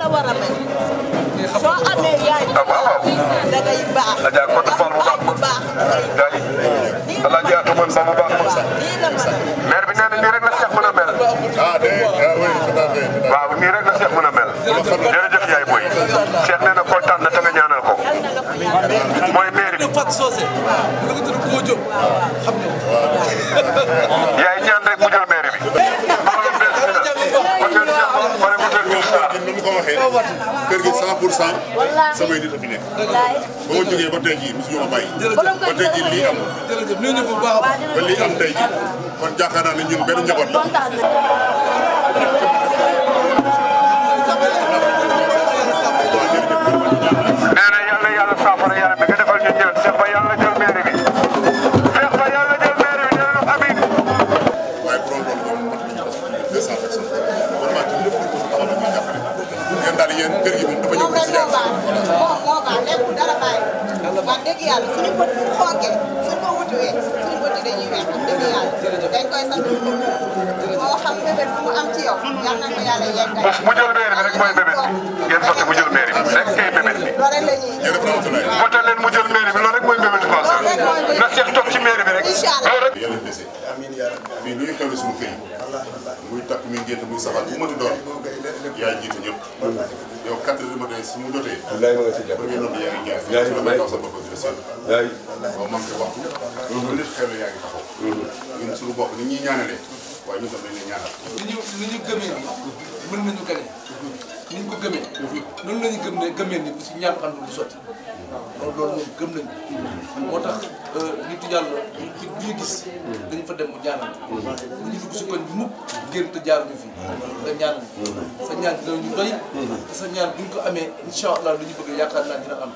la war a mel. soo amee yaay. Ah, da ngay baax. da ngay baax da ngay baax. di ko mën sax bu baax mën sax. maire bi nee na nii rek la Cheikh mën a mel. ah dégg nga ah, oui tout à fait. waaw nii rek la Cheikh mën a mel. jërëjëf yaay booy. Cheikh nee na kontaan na te nga ñaanal ko. mooy maire bi. yaay ñaan rek mu jël. kër gi 100 pour 100 samay di a ba ma jógee ba tey jii mosu ñu ba tey jii lii am. jërëjëf ñu bu baa ba lii am tey jii kon jàkkaar naa ne ñun benn njaboot la. sant yàlla dañ koy sant moo xam bébé bu mu am ci yow yal na ko yàlla yeggal mu jël bébé bi rek mooy bébé bi ngeen sotti mu jël mairie bi rek kay bébé bi voté leen mu jël mairie bi loolu rek mooy bébé bi passé na Cheikh toog ci mairie bi rek loolu rek yàlla dese fii luy xew suñu kër muy takk muy ngénte muy safar bu mënti doon yaa jiitu ñëpp yow quatre heures du matin su mu jotee premier noonu yaa ngi jaar waay boo manqué waxtu bu nit xewee yaa ngi taxaw ñun suñu bopp ni ñuy ñaanalee waaye ñun tam dañ leen ñaanal ni ñu ni ñu gëmee ni mën nañu gane ni ñu ko gëmee noonu la ñu gëm ne gëmee ni bu si ñaan xam du sotti waaw loolu moom gëm nañ ko. tax euh, nitu yàlla bu ñu gis. dañ fa dem mu ñaanal. bu ñu dugg si koñ bi mukk génn te ñu fi. nga ñaanal sa ñaan dina ñu doy. sa ñaan duñ ko amee incha allah lu ñu yaakaar naa dina am.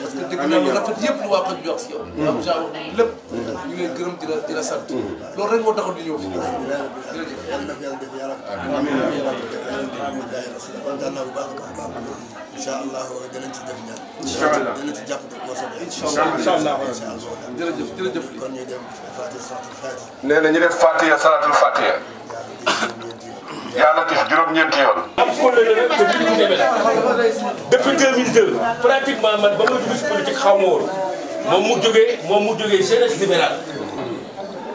parce que dëgg naa lu rafet yëpp lu waa koñ bi wax si yow. lépp. ñu ngi gërëm di la di la sant. rek moo taxoon ñu ñëw fi. jërëjëf. kontaan naa bu a baax incha allah danañ ci def ñaan. incha allah danañ ci jàpp de boo soobee. incha allah incha allah jërëjëf jërëjëf. kon ñu dem Fatiha Salatul Fatiha. nee na ñu def Fatiha Salatul Fatiha. yàlla def juróom-ñeenti yoon. am kóllëre la te duñ ko demee depuis 2002 pratiquement man ba ma dugg si politique xaw ma woon moom mu jógee moom mu jógee jeunesse libérale.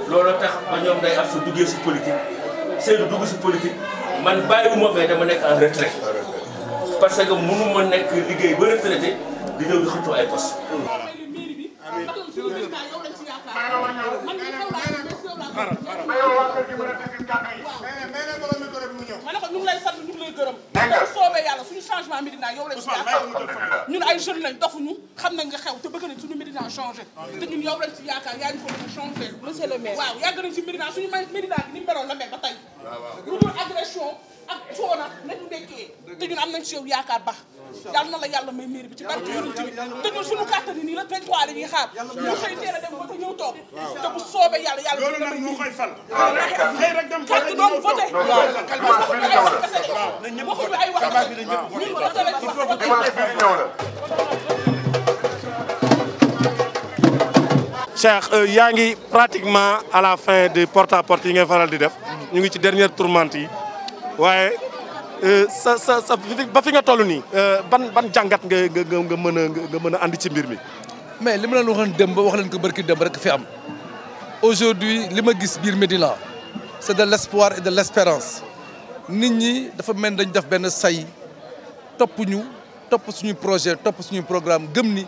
loolu tax ba ñoom day am su duggee si politique Seydou dugg si politique. man bàyyiwuma mais dama nekk en retrait parce que mënu ma nekk liggéey ba retraité di ñëw di xëccoo ay poste ma ne ko ñu ngi lay sant ñu ngi lay gërëm da soobee yàlla suñu changement Médina yow lañ ci yaakaar ñun ay jeunes lañ dofuñu xam nañ nga xew te bëgg nañ suñu Médina changé te ñun yow lañ ci yaakaar yaa ñu ko changé monsieur le maire waaw yàgg nañ ci Médina suñu Médina gi ni meloon la mel ba tey lu dul agression ak coono nañu nekkee te ñun am nañ si yow yaakaar baax yal na la yàlla may mairie bi ci barke yonent bi te ñun suñu kàttan yi nii la 23 la ñuy xaar ñu xëy teel a dem ba ko ñëw toog te bu soobee yàlla yàlla loolu nag moo koy fal xëy rek dem carte doon voté waxuñu ay wax ñun voté lañ Cheikh euh, yaa ngi pratiquement à la fin de porte à porte yi ngay faral di def ñu ngi ci dernière tourmente yi waaye euh, sa sa sa ba fi nga toll nii. Euh, ban ban jàngat nga nga nga mën a nga mën a andi ci mbir mi. mais li ma leen waxoon démb wax leen ko barki démb rek fi am aujourd'hui li ma gis biir Médina c'est de l'espoir et de l'espérance nit ñi dafa mel dañ def benn say topp ñu topp suñu projet topp suñu programme gëm ni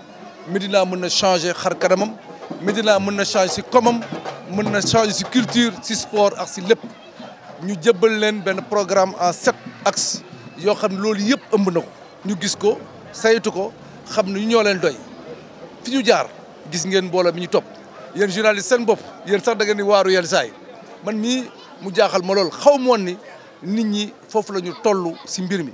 Médina mën na changer xar kanamam Médina mën na changer si komam mën na changer si culture ci sport ak si lépp ñu jëbbal leen benn programme en sept axes yoo xam loolu yëpp ëmb na ko ñu gis ko saytu ko xam ne ñoo leen doy fi ñu jaar gis ngeen mbooloo mi ñu topp yéen journaliste seen bopp yéen sax da ngeen waaru yenn saa man mii mu jaaxal ma lool xaw moon ni nit ñi foofu la ñu toll si mbir mi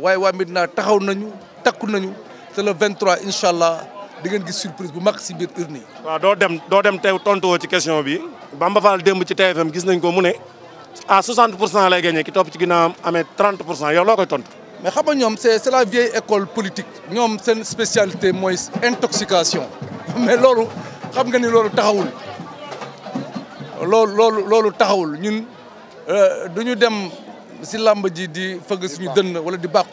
waaye waa Médina taxaw nañu takku nañu te le 23 incha allah di ngeen gis surprise bu mag si biir urne waa doo dem doo dem tey tontuwoo ci question bi Bamba Fall démb ci TFM gis nañ ko mu ne. à ah, 60 pour cent lay gagné ki topp ci ginnaawam amee 30 pour cent yow loo koy tontu. mais xam nga ñoom c'est c'est la vieille école politique. ñoom seen spécialité mooy intoxication mais loolu xam nga ni loolu taxawul loolu loolu loolu taxawul ñun euh, du ñu dem si làmb ji di fëgg suñu dënn wala di bàqu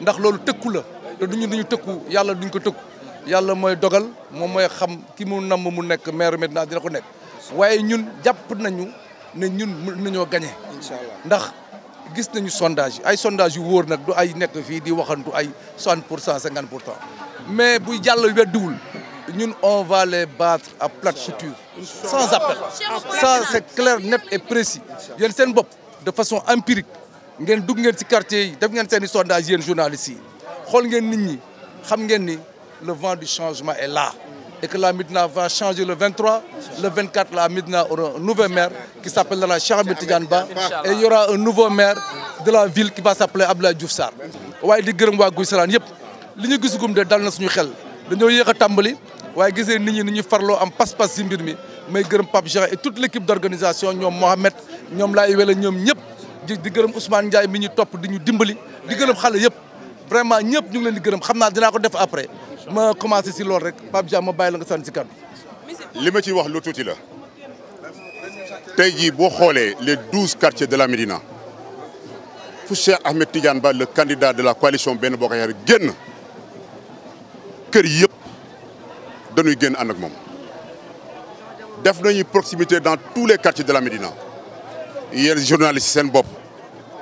ndax loolu tëkku la te duñu duñu tëkku yàlla duñ ko tëkku yàlla mooy dogal moom mooy xam ki mu namm mu nekk maire Medina dina ko nekk waaye ñun jàpp nañu. ne ñun mën nañoo gagné. incha ndax gis nañu sondage ay sondage yu wóor nag du ay nekk fii di waxantu ay 60 pour cent 50 pour cent mais buy jàll weddiwul ñun on va les battre à plate couture sans appel ça c'est clair net et précis yéen seen bopp de façon empirique ngeen dugg ngeen si quartier yi def ngeen seen i sondage yéen journalistes yi xool ngeen nit ñi xam ngeen ni le vent du changement est là et que la Midina va changer le 23. Le 24, la Midina aura un nouvel maire qui s'appellera Charabé Tidjanba. Et il y aura un nouveau maire de la ville qui va s'appeler Abdoulaye Diouf Sarr. waaye di gërëm waa Guy salaan yëpp li ñu gisugum de dal na suñu xel da yéex a tàmbali waaye gisee nit ñi ni ñu farloo am pas-pas si mbir mi may gërëm Pape Cheikh et toute l' équipe d' organisation ñoom Mohamed ñoom Laye Wele ñoom ñëpp di gërëm Ousmane Ndiaye mi ñu topp di ñu dimbali di gërëm xale yëpp vraiment ñëpp ñu ngi leen di naa dinaa ko def après ma commencé si loolu rek Pape Dia ma bàyyi la nga sànni si kàddu. li ma ci wax lu tuuti la tey jii boo xoolee les douze quartiers de la Médina fu Cheikh Ahmed Tidiane Ba le candidat de la coalition Benno Bokk Yaakaar génn kër yëpp dañuy génn ànd ak moom. def nañu proximité dans tous les quartiers de la Médina yéen journaliste seen bopp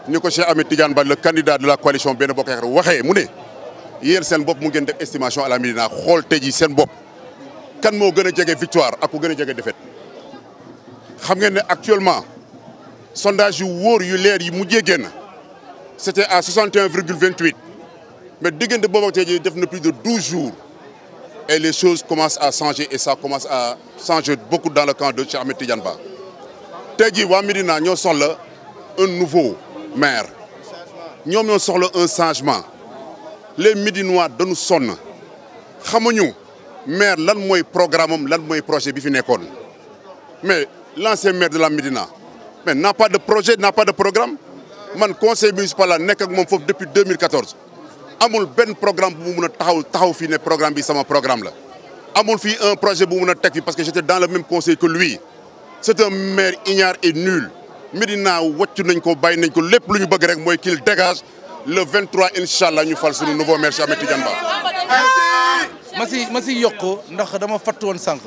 ni ko Cheikh Ahmed Tidiane Ba le candidat de la coalition Benno Bokk Yaakaar waxee mu ne. yéen seen bopp mu gën def estimation à la Médina xool te ji seen bopp kan moo gën a jege victoire ak ku gën a jege defet xam ngeen ne actuellement sondage yu wóor yu leer yi mujjee génn c'était à 61 virgule 28 mais diggante boobu ak tey jii def na plus de 12 jours et les choses commencent à changer et ça commence à changer beaucoup dans le camp de Cheikh Ahmed Tidiane Ba te jii waa Médina ñoo soxla un nouveau maire ñoom ñoo soxla un changement les Médinois dañu sonn xamuñu maire lan mooy programme am lan mooy projet bi fi nekkoon mais l'ancien maire de la Médina mais n'a pas de projet n'a pas de programme man conseil municipal la nekk ak moom foofu depuis 2014 amul benn programme bu mu mun a taxaw taxaw fii ne programme bi sama programme la amul fii un projet bu mun a teg fii parce que j'étais dans le même conseil que lui c'est un maire ignare et nul Médina wàccu nañ ko bàyyi nañ ko lépp lu ñu bëgg rek mooy qu'il dégage le 23 incha allah ñu fal suñu nouveau maire Ahmed Tidiane Ba. ma si ma si yokk ndax dama fàttu woon sànq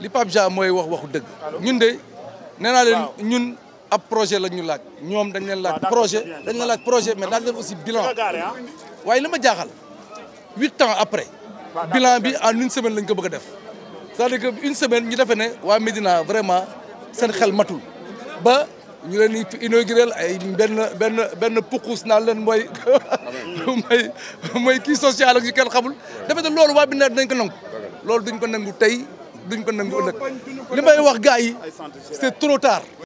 li Pape Ja mooy wax waxu dëgg ñun de nee naa leen ñun ab projet la ñu laaj ñoom dañ leen laaj ah, projet dañ leen laaj projet mais daal leen aussi bilan ah. waaye li ma jaaxal huit ans après bilan bi en une semaine lañ ko bëgg a def cest à que une semaine ñu defee ne waa Médina vraiment seen xel matul ñu leen di inaugurer ay benn benn benn pukus naan leen mooy mooy mooy kii social ak yu kenn xamul. dafa te loolu waa bi nawet dinañ ko nangu. loolu duñ ko nangu tey duñ ko nangu ëllëg li may wax gars yi c'est trop tard.